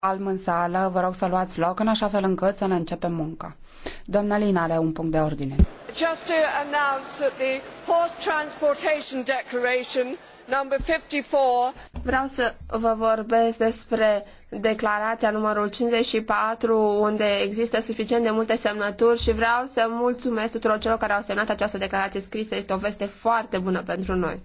calm în sală, vă rog să luați loc în așa fel încât să ne începem munca. Doamna Lina are un punct de ordine. Just to announce that the horse transportation declaration number 54 Vreau să vă vorbesc despre declarația numărul 54 unde există suficient de multe semnături și vreau să mulțumesc tuturor celor care au semnat această declarație scrisă. Este o veste foarte bună pentru noi.